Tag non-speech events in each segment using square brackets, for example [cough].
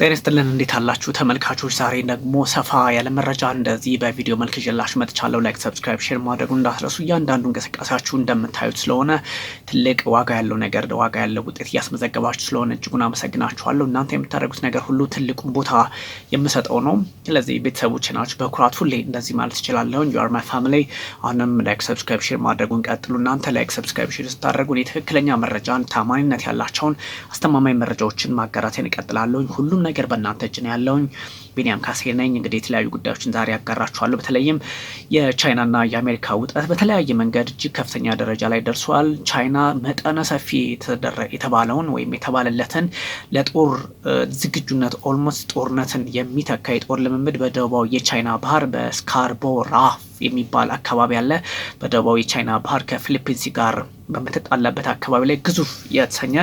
ጤና ይስጥልን እንዴት አላችሁ ተመልካቾች? ዛሬ ደግሞ ሰፋ ያለ መረጃ እንደዚህ በቪዲዮ መልክ ይዤላችሁ መጥቻለሁ። ላይክ፣ ሰብስክራይብ፣ ሼር ማድረጉ እንዳስረሱ እያንዳንዱ እንቅስቃሴያችሁ እንደምታዩት ስለሆነ ትልቅ ዋጋ ያለው ነገር ዋጋ ያለው ውጤት እያስመዘገባችሁ ስለሆነ እጅጉን አመሰግናችኋለሁ። እናንተ የምታደርጉት ነገር ሁሉ ትልቁን ቦታ የምሰጠው ነው። ስለዚህ ቤተሰቦች ናችሁ፣ በኩራት ሁሌ እንደዚህ ማለት ትችላለሁ። ዩ አር ማይ ፋሚሊ። አሁንም ላይክ፣ ሰብስክራይብ፣ ሼር ማድረጉን ቀጥሉ። እናንተ ላይክ፣ ሰብስክራይብ፣ ሼር ስታደርጉ ትክክለኛ መረጃን ታማኝነት ያላቸውን አስተማማኝ መረጃዎችን ማጋራቴን እቀጥላለሁ ሁሉም ነገር በእናንተ እጅ ነው ያለውኝ። ቢኒያም ካሴ ነኝ። እንግዲህ የተለያዩ ጉዳዮችን ዛሬ ያጋራችኋለሁ። በተለይም የቻይናና የአሜሪካ ውጥረት በተለያየ መንገድ እጅግ ከፍተኛ ደረጃ ላይ ደርሷል። ቻይና መጠነ ሰፊ የተባለውን ወይም የተባለለትን ለጦር ዝግጁነት ኦልሞስት ጦርነትን የሚተካ የጦር ልምምድ በደቡባዊ የቻይና ባህር በስካርቦ ራፍ የሚባል አካባቢ አለ። በደቡባዊ የቻይና ባህር ከፊሊፒንስ ጋር በምትጣላበት አካባቢ ላይ ግዙፍ የተሰኘ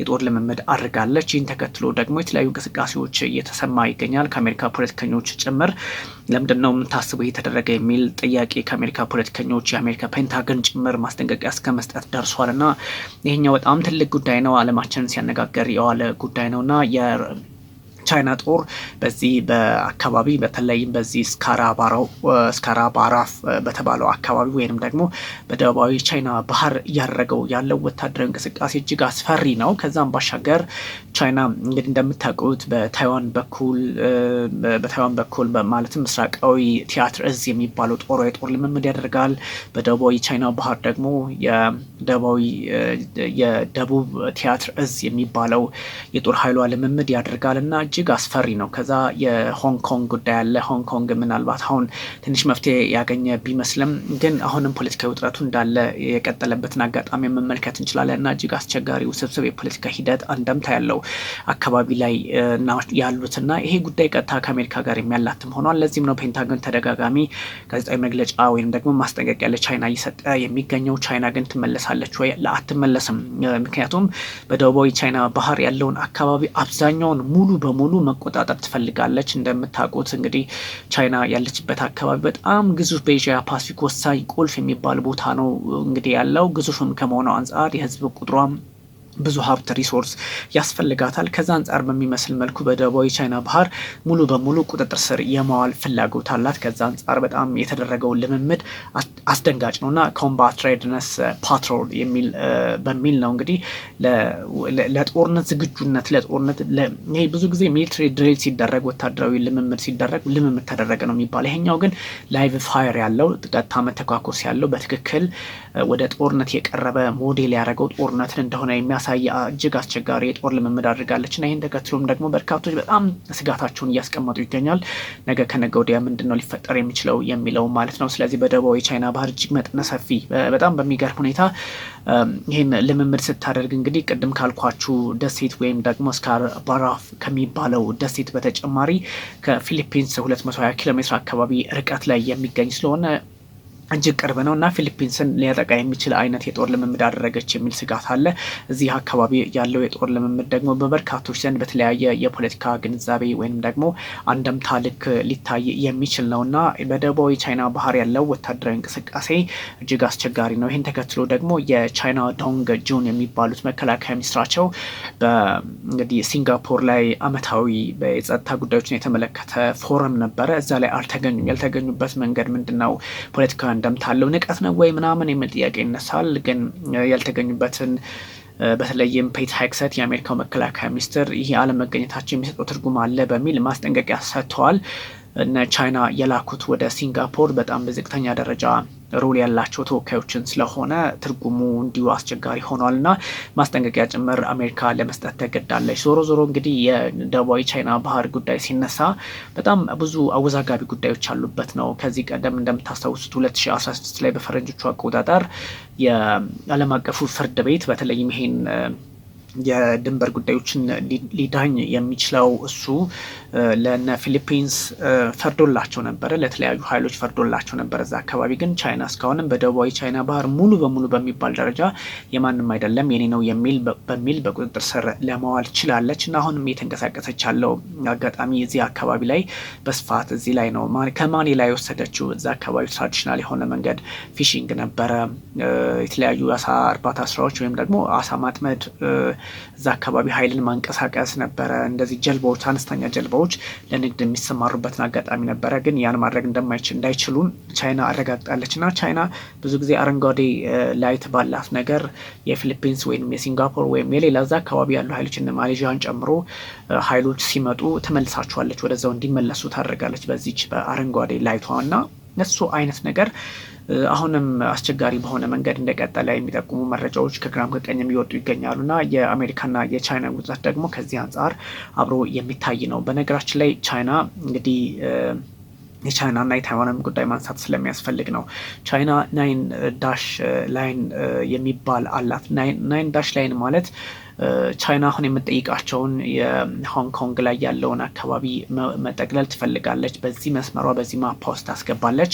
የጦር ልምምድ አድርጋለች። ይህን ተከትሎ ደግሞ የተለያዩ እንቅስቃሴዎች እየተሰማ ይገኛል። ከአሜሪካ ፖለቲከኞች ጭምር ለምንድን ነው የተደረገ የሚል ጥያቄ ከአሜሪካ ፖለቲከኞች የአሜሪካ ፔንታገን ጭምር ማስጠንቀቂያ እስከ መስጠት ደርሷል እና ይህኛው በጣም ትልቅ ጉዳይ ነው። አለማችንን ሲያነጋገር የዋለ ጉዳይ እና ቻይና ጦር በዚህ በአካባቢ በተለይም በዚህ ስካራባራፍ በተባለው አካባቢ ወይንም ደግሞ በደቡባዊ ቻይና ባህር እያደረገው ያለው ወታደራዊ እንቅስቃሴ እጅግ አስፈሪ ነው። ከዛም ባሻገር ቻይና እንግዲህ እንደምታውቁት በታይዋን በኩል በታይዋን በኩል ማለትም ምስራቃዊ ቲያትር እዝ የሚባለው ጦር የጦር ልምምድ ያደርጋል። በደቡባዊ ቻይና ባህር ደግሞ የደቡባዊ የደቡብ ቲያትር እዝ የሚባለው የጦር ኃይሏ ልምምድ ያደርጋል እና እጅግ አስፈሪ ነው። ከዛ የሆንግ ኮንግ ጉዳይ አለ። ሆንግ ኮንግ ምናልባት አሁን ትንሽ መፍትሄ ያገኘ ቢመስልም ግን አሁንም ፖለቲካዊ ውጥረቱ እንዳለ የቀጠለበትን አጋጣሚ መመልከት እንችላለን እና እጅግ አስቸጋሪ ውስብስብ የፖለቲካ ሂደት አንደምታ ያለው አካባቢ ላይ ያሉትና ይሄ ጉዳይ ቀጥታ ከአሜሪካ ጋር የሚያላትም ሆኗል። ለዚህም ነው ፔንታገን ተደጋጋሚ ጋዜጣዊ መግለጫ ወይም ደግሞ ማስጠንቀቂያ ለቻይና እየሰጠ የሚገኘው። ቻይና ግን ትመለሳለች ወይ? ለአትመለስም? ምክንያቱም በደቡባዊ ቻይና ባህር ያለውን አካባቢ አብዛኛውን ሙሉ በሙሉ በሙሉ መቆጣጠር ትፈልጋለች። እንደምታውቁት እንግዲህ ቻይና ያለችበት አካባቢ በጣም ግዙፍ በኤዥያ ፓሲፊክ ወሳኝ ቁልፍ የሚባል ቦታ ነው እንግዲህ ያለው ግዙፍም ከመሆኑ አንጻር የህዝብ ቁጥሯም ብዙ ሀብት ሪሶርስ ያስፈልጋታል። ከዛ አንጻር በሚመስል መልኩ በደቡባዊ ቻይና ባህር ሙሉ በሙሉ ቁጥጥር ስር የማዋል ፍላጎት አላት። ከዛ አንጻር በጣም የተደረገውን ልምምድ አስደንጋጭ ነው እና ኮምባት ሬድነስ ፓትሮል በሚል ነው እንግዲህ ለጦርነት ዝግጁነት ለጦርነት ይሄ ብዙ ጊዜ ሚሊትሪ ድሪል ሲደረግ ወታደራዊ ልምምድ ሲደረግ ልምምድ ተደረገ ነው የሚባል። ይሄኛው ግን ላይቭ ፋየር ያለው ቀጥታ መተኳኮስ ያለው በትክክል ወደ ጦርነት የቀረበ ሞዴል ያደረገው ጦርነትን እንደሆነ የሚያሳይ እጅግ አስቸጋሪ የጦር ልምምድ አድርጋለች እና ይህን ተከትሎም ደግሞ በርካቶች በጣም ስጋታቸውን እያስቀመጡ ይገኛል። ነገ ከነገ ወዲያ ምንድን ነው ሊፈጠር የሚችለው የሚለው ማለት ነው። ስለዚህ በደቡባዊ ቻይና ባህር እጅግ መጠነ ሰፊ በጣም በሚገርም ሁኔታ ይህን ልምምድ ስታደርግ እንግዲህ ቅድም ካልኳችሁ ደሴት ወይም ደግሞ ስካር ባራፍ ከሚባለው ደሴት በተጨማሪ ከፊሊፒንስ 220 ኪሎ ሜትር አካባቢ ርቀት ላይ የሚገኝ ስለሆነ እጅግ ቅርብ ነው እና ፊሊፒንስን ሊያጠቃ የሚችል አይነት የጦር ልምምድ አደረገች የሚል ስጋት አለ። እዚህ አካባቢ ያለው የጦር ልምምድ ደግሞ በበርካቶች ዘንድ በተለያየ የፖለቲካ ግንዛቤ ወይም ደግሞ አንደምታ ልክ ሊታይ የሚችል ነው እና በደቡባዊ ቻይና ባህር ያለው ወታደራዊ እንቅስቃሴ እጅግ አስቸጋሪ ነው። ይህን ተከትሎ ደግሞ የቻይና ዶንግ ጁን የሚባሉት መከላከያ ሚኒስትራቸው እንግዲህ ሲንጋፖር ላይ አመታዊ የጸጥታ ጉዳዮችን የተመለከተ ፎረም ነበረ። እዛ ላይ አልተገኙም። ያልተገኙበት መንገድ ምንድን ነው? ፖለቲካ እንደምታ አለው ንቀት ነው ወይ ምናምን የሚል ጥያቄ ይነሳል። ግን ያልተገኙበትን በተለይም ፔት ሄግሴት የአሜሪካው መከላከያ ሚኒስትር ይህ አለመገኘታቸው የሚሰጠው ትርጉም አለ በሚል ማስጠንቀቂያ ሰጥተዋል። እነ ቻይና የላኩት ወደ ሲንጋፖር በጣም በዝቅተኛ ደረጃ ሮል ያላቸው ተወካዮችን ስለሆነ ትርጉሙ እንዲሁ አስቸጋሪ ሆኗል እና ማስጠንቀቂያ ጭምር አሜሪካ ለመስጠት ተገዳለች። ዞሮ ዞሮ እንግዲህ የደቡባዊ ቻይና ባህር ጉዳይ ሲነሳ በጣም ብዙ አወዛጋቢ ጉዳዮች ያሉበት ነው። ከዚህ ቀደም እንደምታስታውሱት 2016 ላይ በፈረንጆቹ አቆጣጠር የዓለም አቀፉ ፍርድ ቤት በተለይም ይሄን የድንበር ጉዳዮችን ሊዳኝ የሚችለው እሱ ለነ ፊሊፒንስ ፈርዶላቸው ነበረ፣ ለተለያዩ ኃይሎች ፈርዶላቸው ነበረ። እዛ አካባቢ ግን ቻይና እስካሁንም በደቡባዊ ቻይና ባህር ሙሉ በሙሉ በሚባል ደረጃ የማንም አይደለም የኔ ነው የሚል በሚል በቁጥጥር ስር ለማዋል ችላለች እና አሁንም እየተንቀሳቀሰች ያለው አጋጣሚ እዚህ አካባቢ ላይ በስፋት እዚህ ላይ ነው። ከማኒ ላይ የወሰደችው እዛ አካባቢ ትራዲሽናል የሆነ መንገድ ፊሽንግ ነበረ፣ የተለያዩ አሳ እርባታ ስራዎች ወይም ደግሞ አሳ ማጥመድ እዛ አካባቢ ኃይልን ማንቀሳቀስ ነበረ። እንደዚህ ጀልባዎች፣ አነስተኛ ጀልባዎች ለንግድ የሚሰማሩበትን አጋጣሚ ነበረ። ግን ያን ማድረግ እንዳይችሉን ቻይና አረጋግጣለች። እና ቻይና ብዙ ጊዜ አረንጓዴ ላይት ባላት ነገር የፊሊፒንስ ወይም የሲንጋፖር ወይም የሌላ እዛ አካባቢ ያሉ ኃይሎች እነ ማሌዥያን ጨምሮ ኃይሎች ሲመጡ ትመልሳቸዋለች፣ ወደዛው እንዲመለሱ ታደርጋለች በዚች በአረንጓዴ ላይቷ እና እሱ አይነት ነገር አሁንም አስቸጋሪ በሆነ መንገድ እንደቀጠለ የሚጠቁሙ መረጃዎች ከግራም ከቀኝም እየወጡ ይገኛሉ ና የአሜሪካና የቻይና ጉዛት ደግሞ ከዚህ አንጻር አብሮ የሚታይ ነው። በነገራችን ላይ ቻይና እንግዲህ የቻይና እና የታይዋንም ጉዳይ ማንሳት ስለሚያስፈልግ ነው። ቻይና ናይን ዳሽ ላይን የሚባል አላት። ናይን ዳሽ ላይን ማለት ቻይና አሁን የምጠይቃቸውን የሆንግ ኮንግ ላይ ያለውን አካባቢ መጠቅለል ትፈልጋለች። በዚህ መስመሯ በዚህ ማፓ ውስጥ ታስገባለች።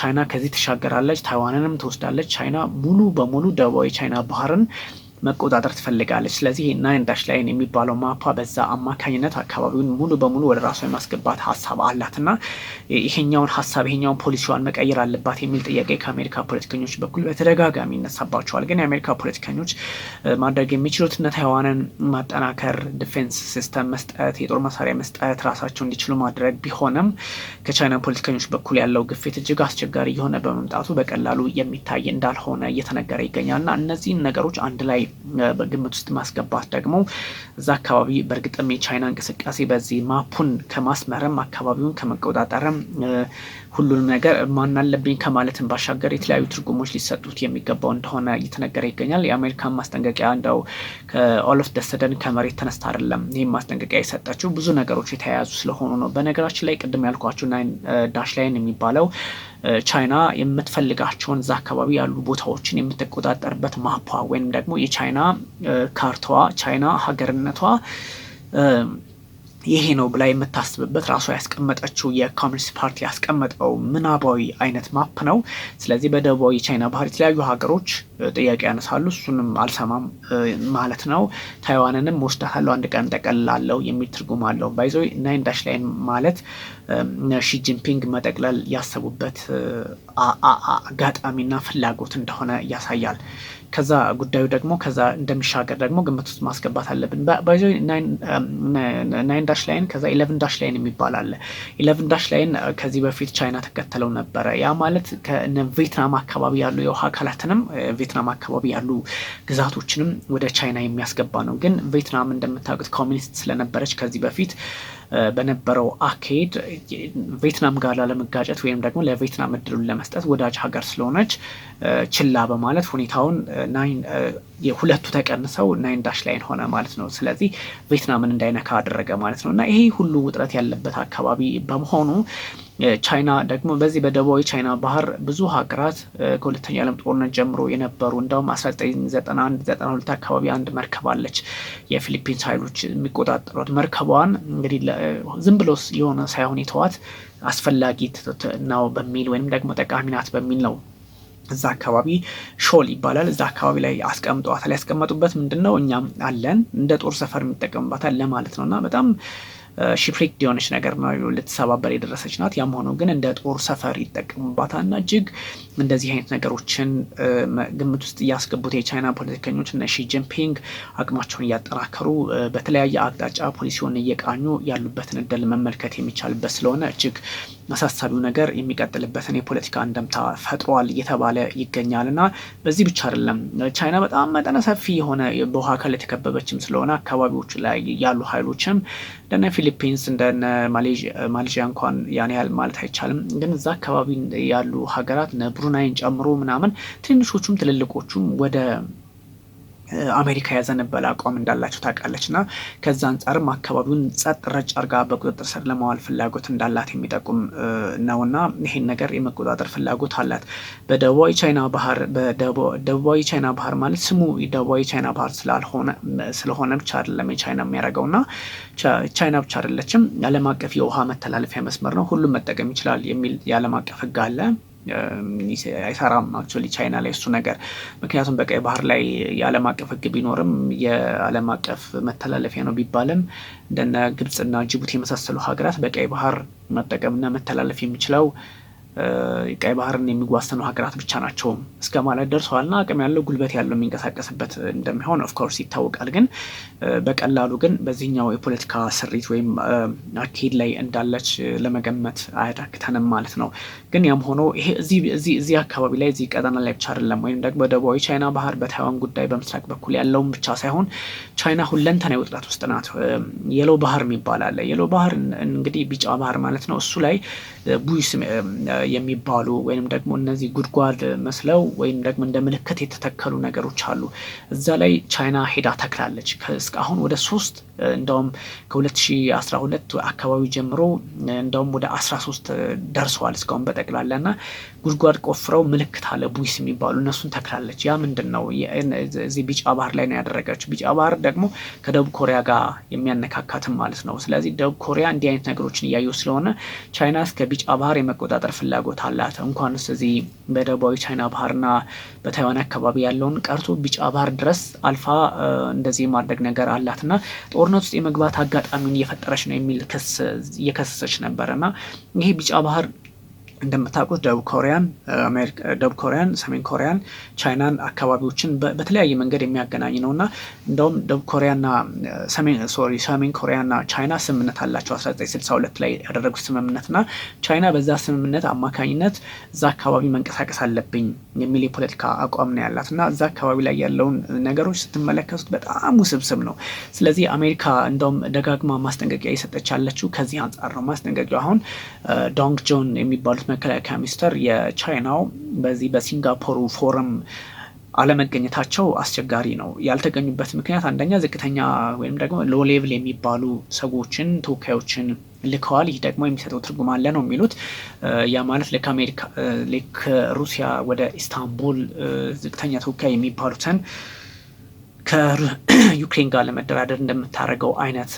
ቻይና ከዚህ ትሻገራለች፣ ታይዋንንም ትወስዳለች። ቻይና ሙሉ በሙሉ ደቡባዊ ቻይና ባህርን መቆጣጠር ትፈልጋለች። ስለዚህ ናይን ዳሽ ላይን የሚባለው ማፓ በዛ አማካኝነት አካባቢውን ሙሉ በሙሉ ወደ ራሷ የማስገባት ሀሳብ አላትና ይሄኛውን ሀሳብ ይሄኛውን ፖሊሲዋን መቀየር አለባት የሚል ጥያቄ ከአሜሪካ ፖለቲከኞች በኩል በተደጋጋሚ ይነሳባቸዋል። ግን የአሜሪካ ፖለቲከኞች ማድረግ የሚችሉትን ታይዋንን ማጠናከር፣ ዲፌንስ ሲስተም መስጠት፣ የጦር መሳሪያ መስጠት፣ ራሳቸው እንዲችሉ ማድረግ ቢሆንም ከቻይና ፖለቲከኞች በኩል ያለው ግፊት እጅግ አስቸጋሪ የሆነ በመምጣቱ በቀላሉ የሚታይ እንዳልሆነ እየተነገረ ይገኛልና እነዚህን ነገሮች አንድ ላይ በግምት ውስጥ ማስገባት ደግሞ እዛ አካባቢ በእርግጥም የቻይና እንቅስቃሴ በዚህ ማፑን ከማስመረም አካባቢውን ከመቆጣጠርም ሁሉንም ነገር ማን አለብኝ ከማለትን ባሻገር የተለያዩ ትርጉሞች ሊሰጡት የሚገባው እንደሆነ እየተነገረ ይገኛል። የአሜሪካን ማስጠንቀቂያ እንደው ኦል ደሰደን ከመሬት ተነስታ አይደለም ይህም ማስጠንቀቂያ የሰጠችው ብዙ ነገሮች የተያያዙ ስለሆኑ ነው። በነገራችን ላይ ቅድም ያልኳቸው ናይን ዳሽ ላይን የሚባለው ቻይና የምትፈልጋቸውን እዛ አካባቢ ያሉ ቦታዎችን የምትቆጣጠርበት ማፓ ወይም ደግሞ የቻይና ካርታዋ ቻይና ሀገርነቷ ይሄ ነው ብላ የምታስብበት ራሷ ያስቀመጠችው የኮሚኒስት ፓርቲ ያስቀመጠው ምናባዊ አይነት ማፕ ነው። ስለዚህ በደቡባዊ የቻይና ባህር የተለያዩ ሀገሮች ጥያቄ ያነሳሉ። እሱንም አልሰማም ማለት ነው። ታይዋንንም ወስዳታለሁ አንድ ቀን ጠቀልላለሁ የሚል ትርጉም አለው። ባይዞ ናይን ዳሽ ላይን ማለት ሺጂንፒንግ መጠቅለል ያሰቡበት አጋጣሚና ፍላጎት እንደሆነ ያሳያል። ከዛ ጉዳዩ ደግሞ ከዛ እንደሚሻገር ደግሞ ግምት ውስጥ ማስገባት አለብን። ባይዞ ናይን ዳሽ ላይን ከዛ ኢለቨን ዳሽ ላይን የሚባል አለ። ኢለቨን ዳሽ ላይን ከዚህ በፊት ቻይና ተከተለው ነበረ። ያ ማለት ቬትናም አካባቢ ያሉ የውሃ አካላትንም ቬትናም uh, አካባቢ ያሉ ግዛቶችንም ወደ ቻይና የሚያስገባ ነው። ግን ቬትናም እንደምታውቁት ኮሚኒስት ስለነበረች ከዚህ በፊት በነበረው አካሄድ ቬትናም ጋር ላለመጋጨት ወይም ደግሞ ለቬትናም እድሉን ለመስጠት ወዳጅ ሀገር ስለሆነች ችላ በማለት ሁኔታውን ናይን የሁለቱ ተቀንሰው ናይን ዳሽ ላይን ሆነ ማለት ነው። ስለዚህ ቬትናምን እንዳይነካ አደረገ ማለት ነው እና ይሄ ሁሉ ውጥረት ያለበት አካባቢ በመሆኑ ቻይና ደግሞ በዚህ በደቡባዊ ቻይና ባህር ብዙ ሀገራት ከሁለተኛ ዓለም ጦርነት ጀምሮ የነበሩ እንዳውም 1991-92 አካባቢ አንድ መርከብ አለች የፊሊፒንስ ኃይሎች የሚቆጣጠሯት መርከቧን እንግዲህ ዝም ብሎ የሆነ ሳይሆን የተዋት አስፈላጊ ነው በሚል ወይም ደግሞ ጠቃሚ ናት በሚል ነው። እዛ አካባቢ ሾል ይባላል። እዛ አካባቢ ላይ አስቀምጠዋታል። ያስቀመጡበት ምንድን ነው? እኛም አለን እንደ ጦር ሰፈር የሚጠቀምባታል ለማለት ነው እና በጣም ሽፕሬክ የሆነች ነገር ነው ልትሰባበር የደረሰች ናት። ያም ሆኖ ግን እንደ ጦር ሰፈር ይጠቀሙባታል እና እጅግ እንደዚህ አይነት ነገሮችን ግምት ውስጥ እያስገቡት የቻይና ፖለቲከኞች እነ ሺ ጂንፒንግ አቅማቸውን እያጠናከሩ በተለያየ አቅጣጫ ፖሊሲውን እየቃኙ ያሉበትን እድል መመልከት የሚቻልበት ስለሆነ እጅግ አሳሳቢው ነገር የሚቀጥልበትን የፖለቲካ እንደምታ ፈጥሯል እየተባለ ይገኛል። እና በዚህ ብቻ አይደለም ቻይና በጣም መጠነ ሰፊ የሆነ በውሃ አካል የተከበበችም ስለሆነ አካባቢዎች ላይ ያሉ ኃይሎችም እንደነ ፊሊፒንስ እንደነ ማሌዥያ እንኳን ያን ያህል ማለት አይቻልም፣ ግን እዛ አካባቢ ያሉ ሀገራት ነብሩናይን ጨምሮ ምናምን ትንሾቹም ትልልቆቹም ወደ አሜሪካ ያዘነበለ አቋም እንዳላቸው ታውቃለች እና ከዛ አንጻርም አካባቢውን ጸጥ ረጭ አርጋ በቁጥጥር ስር ለማዋል ፍላጎት እንዳላት የሚጠቁም ነው እና ይሄን ነገር የመቆጣጠር ፍላጎት አላት። በደቡባዊ ቻይና ባህር በደቡባዊ ቻይና ባህር ማለት ስሙ ደቡባዊ ቻይና ባህር ስለሆነ ብቻ አይደለም የቻይና የሚያደርገው እና ቻይና ብቻ አይደለችም፣ ዓለም አቀፍ የውሃ መተላለፊያ መስመር ነው፣ ሁሉም መጠቀም ይችላል የሚል የዓለም አቀፍ ህግ አለ። አይሰራም አክቹዋሊ ቻይና ላይ እሱ ነገር። ምክንያቱም በቀይ ባህር ላይ የዓለም አቀፍ ሕግ ቢኖርም የዓለም አቀፍ መተላለፊያ ነው ቢባልም እንደነ ግብፅና ጅቡቲ የመሳሰሉ ሀገራት በቀይ ባህር መጠቀምና መተላለፍ የሚችለው ቀይ ባህርን የሚጓሰኑ ሀገራት ብቻ ናቸው እስከ ማለት ደርሰዋልና አቅም ያለው ጉልበት ያለው የሚንቀሳቀስበት እንደሚሆን ኦፍኮርስ ይታወቃል። ግን በቀላሉ ግን በዚህኛው የፖለቲካ ስሪት ወይም አካሄድ ላይ እንዳለች ለመገመት አያዳግተንም ማለት ነው። ግን ያም ሆኖ ይሄ እዚህ አካባቢ ላይ እዚህ ቀጠና ላይ ብቻ አይደለም፣ ወይም ደግሞ ደቡባዊ ቻይና ባህር በታይዋን ጉዳይ በምስራቅ በኩል ያለውን ብቻ ሳይሆን ቻይና ሁለንተና ውጥረት ውስጥ ናት። የሎ ባህር የሚባል አለ። የሎ ባህር እንግዲህ ቢጫ ባህር ማለት ነው። እሱ ላይ የሚባሉ ወይም ደግሞ እነዚህ ጉድጓድ መስለው ወይም ደግሞ እንደ ምልክት የተተከሉ ነገሮች አሉ። እዛ ላይ ቻይና ሄዳ ተክላለች። እስካሁን ወደ ሶስት እንደውም ከ2012 አካባቢ ጀምሮ እንደውም ወደ 13 ደርሰዋል እስካሁን በጠቅላላ እና ጉድጓድ ቆፍረው ምልክት አለ ቡይስ የሚባሉ እነሱን ተክላለች። ያ ምንድን ነው? እዚህ ቢጫ ባህር ላይ ነው ያደረገችው። ቢጫ ባህር ደግሞ ከደቡብ ኮሪያ ጋር የሚያነካካትም ማለት ነው። ስለዚህ ደቡብ ኮሪያ እንዲህ አይነት ነገሮችን እያዩ ስለሆነ ቻይና እስከ ቢጫ ባህር የመቆጣጠር ፍላ ፍላጎት አላት። እንኳንስ እዚህ በደቡባዊ ቻይና ባህርና በታይዋን አካባቢ ያለውን ቀርቶ ቢጫ ባህር ድረስ አልፋ እንደዚህ ማድረግ ነገር አላትና ጦርነት ውስጥ የመግባት አጋጣሚውን እየፈጠረች ነው የሚል ክስ እየከሰሰች ነበርና ይሄ ቢጫ ባህር እንደምታውቁት ደቡብ ኮሪያን ደቡብ ኮሪያን ሰሜን ኮሪያን ቻይናን አካባቢዎችን በተለያየ መንገድ የሚያገናኝ ነው እና እንደውም ደቡብ ኮሪያና ሶሪ ሰሜን ኮሪያና ቻይና ስምምነት አላቸው 1962 ላይ ያደረጉት ስምምነት እና ቻይና በዛ ስምምነት አማካኝነት እዛ አካባቢ መንቀሳቀስ አለብኝ የሚል የፖለቲካ አቋም ነው ያላት እና እዛ አካባቢ ላይ ያለውን ነገሮች ስትመለከቱት በጣም ውስብስብ ነው። ስለዚህ አሜሪካ እንደውም ደጋግማ ማስጠንቀቂያ እየሰጠች ያለችው ከዚህ አንጻር ነው። ማስጠንቀቂያ አሁን ዶንግ ጆን የሚባሉት መከላከያ ሚኒስተር የቻይናው በዚህ በሲንጋፖሩ ፎረም አለመገኘታቸው አስቸጋሪ ነው። ያልተገኙበት ምክንያት አንደኛ ዝቅተኛ ወይም ደግሞ ሎ ሌቭል የሚባሉ ሰዎችን ተወካዮችን ልከዋል። ይህ ደግሞ የሚሰጠው ትርጉም አለ ነው የሚሉት። ያ ማለት ልክ አሜሪካ ልክ ሩሲያ ወደ ኢስታንቡል ዝቅተኛ ተወካይ የሚባሉትን ከዩክሬን [clears throat] ጋር ለመደራደር እንደምታደርገው አይነት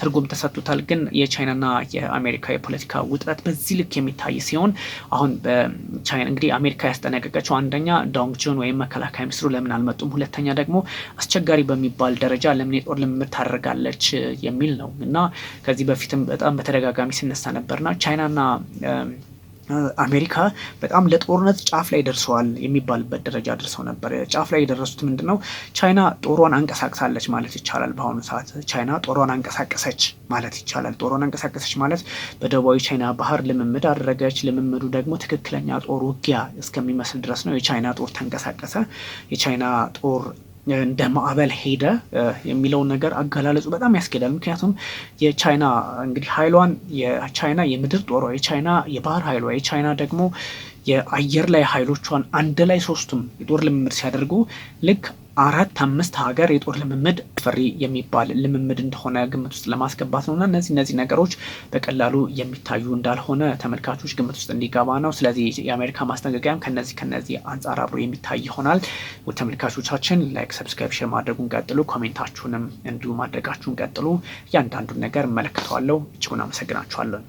ትርጉም ተሰጥቶታል። ግን የቻይናና የአሜሪካ የፖለቲካ ውጥረት በዚህ ልክ የሚታይ ሲሆን አሁን በቻይና እንግዲህ አሜሪካ ያስጠነቀቀችው አንደኛ ዳንግጁን ወይም መከላከያ ሚኒስትሩ ለምን አልመጡም፣ ሁለተኛ ደግሞ አስቸጋሪ በሚባል ደረጃ ለምን የጦር ልምምድ ታደርጋለች የሚል ነው እና ከዚህ በፊትም በጣም በተደጋጋሚ ሲነሳ ነበርና ቻይናና አሜሪካ በጣም ለጦርነት ጫፍ ላይ ደርሰዋል የሚባልበት ደረጃ ደርሰው ነበር። ጫፍ ላይ የደረሱት ምንድን ነው? ቻይና ጦሯን አንቀሳቅሳለች ማለት ይቻላል። በአሁኑ ሰዓት ቻይና ጦሯን አንቀሳቀሰች ማለት ይቻላል። ጦሯን አንቀሳቀሰች ማለት በደቡባዊ ቻይና ባህር ልምምድ አደረገች። ልምምዱ ደግሞ ትክክለኛ ጦር ውጊያ እስከሚመስል ድረስ ነው። የቻይና ጦር ተንቀሳቀሰ። የቻይና ጦር እንደ ማዕበል ሄደ የሚለውን ነገር አገላለጹ በጣም ያስኬዳል። ምክንያቱም የቻይና እንግዲህ ኃይሏን የቻይና የምድር ጦሯ፣ የቻይና የባህር ኃይሏ፣ የቻይና ደግሞ የአየር ላይ ኃይሎቿን አንድ ላይ ሶስቱም የጦር ልምምድ ሲያደርጉ ልክ አራት አምስት ሀገር የጦር ልምምድ ፍሪ የሚባል ልምምድ እንደሆነ ግምት ውስጥ ለማስገባት ነውና እነዚህ እነዚህ ነገሮች በቀላሉ የሚታዩ እንዳልሆነ ተመልካቾች ግምት ውስጥ እንዲገባ ነው። ስለዚህ የአሜሪካ ማስጠንቀቂያም ከነዚህ ከነዚህ አንጻር አብሮ የሚታይ ይሆናል። ተመልካቾቻችን ላይክ፣ ሰብስክሪፕሽን ማድረጉን ቀጥሉ። ኮሜንታችሁንም እንዲሁ ማድረጋችሁን ቀጥሉ። እያንዳንዱን ነገር እመለከተዋለሁ። እጅጉን አመሰግናችኋለን።